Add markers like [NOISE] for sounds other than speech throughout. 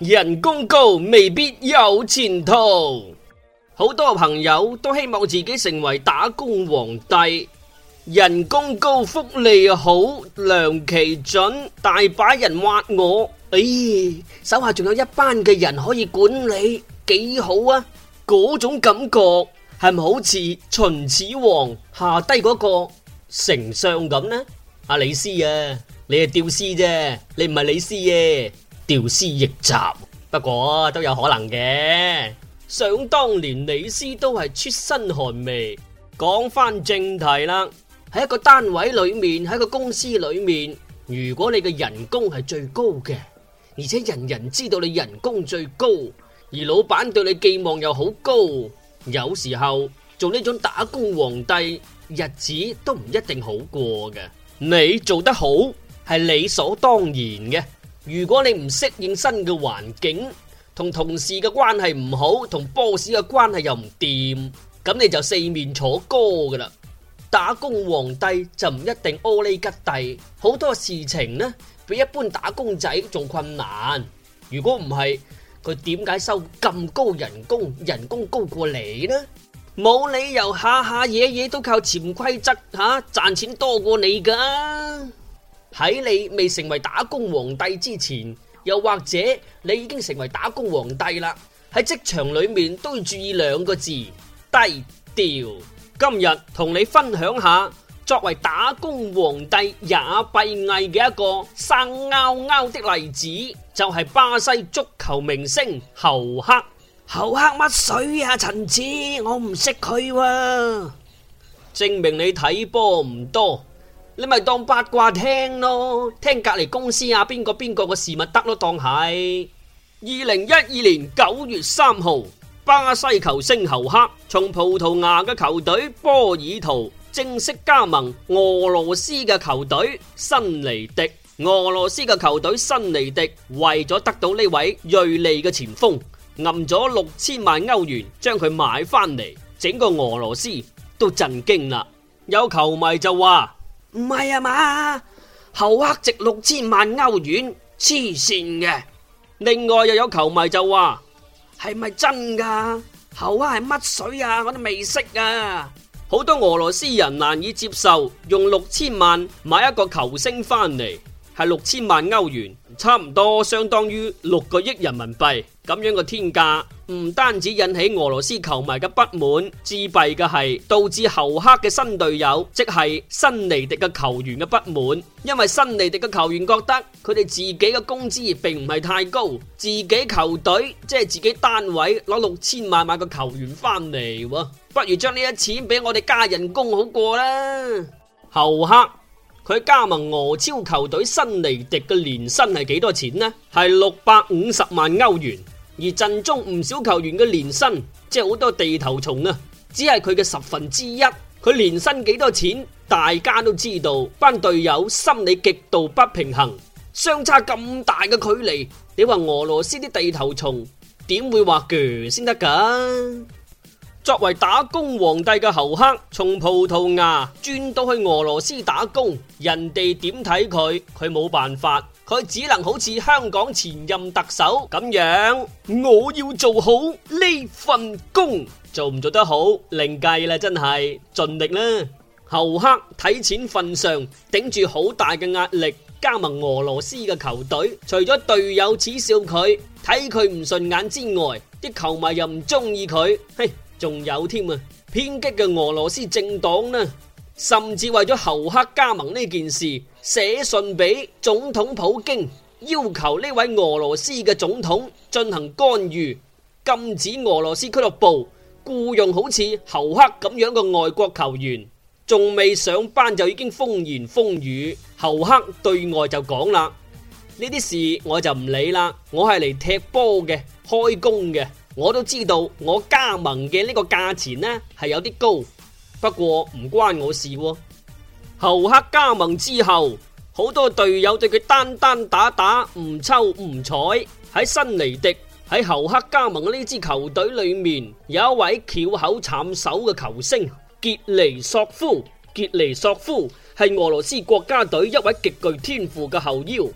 人工高未必有前途，好多朋友都希望自己成為打工皇帝。人工高，福利好，糧期準，大把人挖我。唉、哎，手下仲有一班嘅人可以管理，幾好啊！嗰種感覺係咪好似秦始皇下低嗰個丞相咁呢？阿、啊、李斯啊，你係屌絲啫，你唔係李斯嘅、啊。屌絲逆襲，不過都有可能嘅。想當年李斯都係出身寒微。講翻正題啦，喺一個單位裏面，喺個公司裏面，如果你嘅人工係最高嘅，而且人人知道你人工最高，而老闆對你寄望又好高，有時候做呢種打工皇帝，日子都唔一定好過嘅。你做得好，係理所當然嘅。如果你唔適應新嘅環境，同同事嘅關係唔好，同 boss 嘅關係又唔掂，咁你就四面楚歌噶啦。打工皇帝就唔一定阿哩吉帝，好多事情呢，比一般打工仔仲困難。如果唔係，佢點解收咁高人工？人工高過你呢？冇理由下下嘢嘢都靠潛規則吓，賺錢多過你噶。喺你未成為打工皇帝之前，又或者你已經成為打工皇帝啦，喺職場裏面都要注意兩個字低調。今日同你分享下，作為打工皇帝也閉翳嘅一個生拗拗的例子，就係、是、巴西足球明星侯克。侯克乜水啊？陳子，我唔識佢喎，啊，證明你睇波唔多。你咪當八卦聽咯，聽隔籬公司啊，邊個邊個嘅事咪得咯。當係二零一二年九月三號，巴西球星侯克從葡萄牙嘅球隊波爾圖正式加盟俄羅斯嘅球隊新尼迪。俄羅斯嘅球隊新尼迪為咗得到呢位銳利嘅前鋒，暗咗六千萬歐元將佢買翻嚟，整個俄羅斯都震驚啦。有球迷就話。唔係啊嘛，侯黑值六千萬歐元，黐綫嘅。另外又有球迷就話：係咪真噶？侯黑係乜水啊？我都未識啊！好多俄羅斯人難以接受用六千萬買一個球星翻嚟，係六千萬歐元，差唔多相當於六個億人民幣咁樣嘅天價。唔單止引起俄羅斯球迷嘅不滿，最弊嘅係導致侯克嘅新隊友，即係新尼迪嘅球員嘅不滿。因為新尼迪嘅球員覺得佢哋自己嘅工資並唔係太高，自己球隊即係、就是、自己單位攞六千萬買個球員翻嚟，不如將呢一筆錢俾我哋加人工好過啦。侯克佢加盟俄超球隊新尼迪嘅年薪係幾多錢呢？係六百五十萬歐元。而陣中唔少球員嘅年薪，即係好多地頭蟲啊！只係佢嘅十分之一，佢年薪幾多錢，大家都知道。班隊友心理極度不平衡，相差咁大嘅距離，你話俄羅斯啲地頭蟲點會話鋸先得噶？作為打工皇帝嘅侯克，從葡萄牙轉到去俄羅斯打工，人哋點睇佢，佢冇辦法。佢只能好似香港前任特首咁樣，我要做好呢份工，做唔做得好另計啦，真係盡力啦。侯克睇錢份上，頂住好大嘅壓力加盟俄羅斯嘅球隊，除咗隊友恥笑佢、睇佢唔順眼之外，啲球迷又唔中意佢，嘿，仲有添啊！偏激嘅俄羅斯政黨呢，甚至為咗侯克加盟呢件事。寫信俾總統普京，要求呢位俄羅斯嘅總統進行干預，禁止俄羅斯俱樂部僱用好似侯克咁樣嘅外國球員。仲未上班就已經風言風語，侯克對外就講啦：呢啲事我就唔理啦，我係嚟踢波嘅，開工嘅，我都知道我加盟嘅呢個價錢呢係有啲高，不過唔關我事喎。侯克加盟之後，好多隊友對佢單單打打唔抽唔睬。喺新尼迪喺侯克加盟嘅呢支球隊裏面，有一位巧口慘手嘅球星杰尼索夫。杰尼索夫係俄羅斯國家隊一位極具天賦嘅後腰。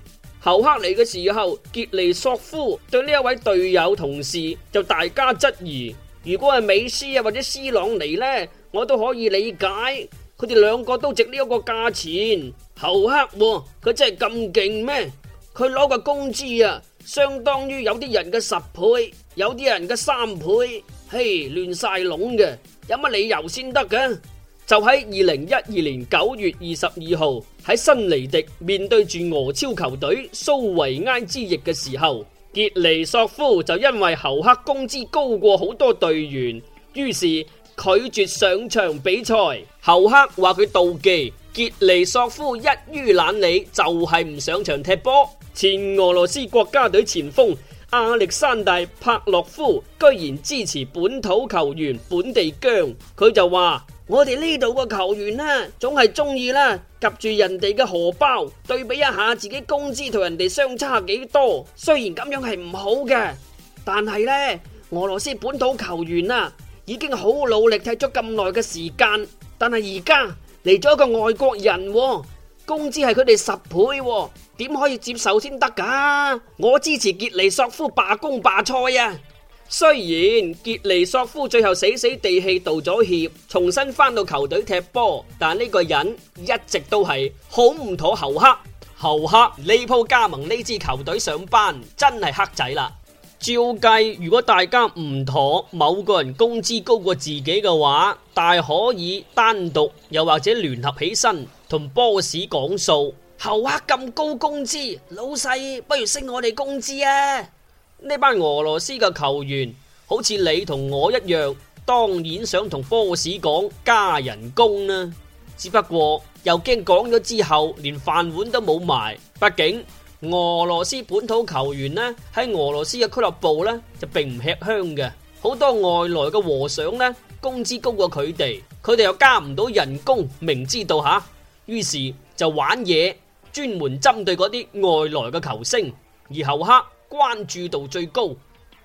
侯克嚟嘅時候，杰尼索夫對呢一位隊友同事就大加質疑。如果係美斯啊或者斯朗尼呢，我都可以理解。佢哋兩個都值呢一個價錢，侯克喎，佢真係咁勁咩？佢攞嘅工資啊，相當於有啲人嘅十倍，有啲人嘅三倍，嘿亂晒籠嘅，有乜理由先得嘅？就喺二零一二年九月二十二號喺新尼迪面對住俄超球隊蘇維埃之役嘅時候，傑尼索夫就因為侯克工資高過好多隊員，於是。拒絕上場比賽，侯克話佢妒忌，傑尼索夫一於懶理就係、是、唔上場踢波。前俄羅斯國家隊前鋒亞歷山大帕洛夫居然支持本土球員本地姜，佢就話： [NOISE] 我哋呢度個球員呢、啊，總係中意啦，夾住人哋嘅荷包，對比一下自己工資同人哋相差幾多。雖然咁樣係唔好嘅，但係呢，俄羅斯本土球員啊！已經好努力踢咗咁耐嘅時間，但係而家嚟咗一個外國人、哦，工資係佢哋十倍、哦，點可以接受先得噶？我支持傑尼索夫罷工罷賽啊！雖然傑尼索夫最後死死地氣道咗歉，重新翻到球隊踢波，但呢個人一直都係好唔妥。侯克侯克呢鋪加盟呢支球隊上班，真係黑仔啦！照計，如果大家唔妥某個人工資高過自己嘅話，大可以單獨又或者聯合起身同 boss 講數，后客咁高工資，老細不如升我哋工資啊！呢班俄羅斯嘅球員好似你同我一樣，當然想同 boss 講加人工啦，只不過又驚講咗之後連飯碗都冇埋，畢竟。俄羅斯本土球員呢，喺俄羅斯嘅俱樂部呢，就並唔吃香嘅，好多外來嘅和尚呢，工資高過佢哋，佢哋又加唔到人工，明知道吓，於是就玩嘢，專門針對嗰啲外來嘅球星，而后黑關注度最高，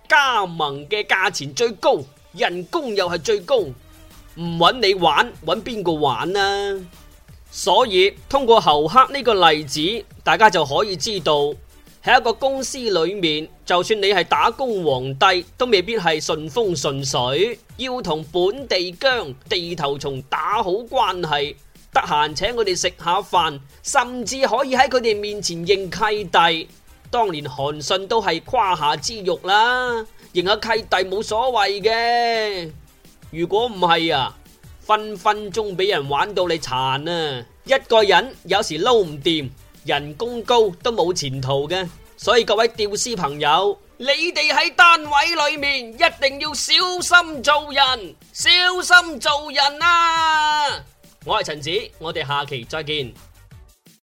加盟嘅價錢最高，人工又係最高，唔揾你玩揾邊個玩啊？所以通過侯克呢個例子，大家就可以知道喺一個公司裏面，就算你係打工皇帝，都未必係順風順水，要同本地姜、地頭蟲打好關係，得閒請佢哋食下飯，甚至可以喺佢哋面前認契弟。當年韓信都係胯下之辱啦，認下契弟冇所謂嘅。如果唔係啊？分分鐘俾人玩到你殘啊！一個人有時撈唔掂，人工高都冇前途嘅，所以各位屌絲朋友，你哋喺單位裏面一定要小心做人，小心做人啊！我係陳子，我哋下期再見。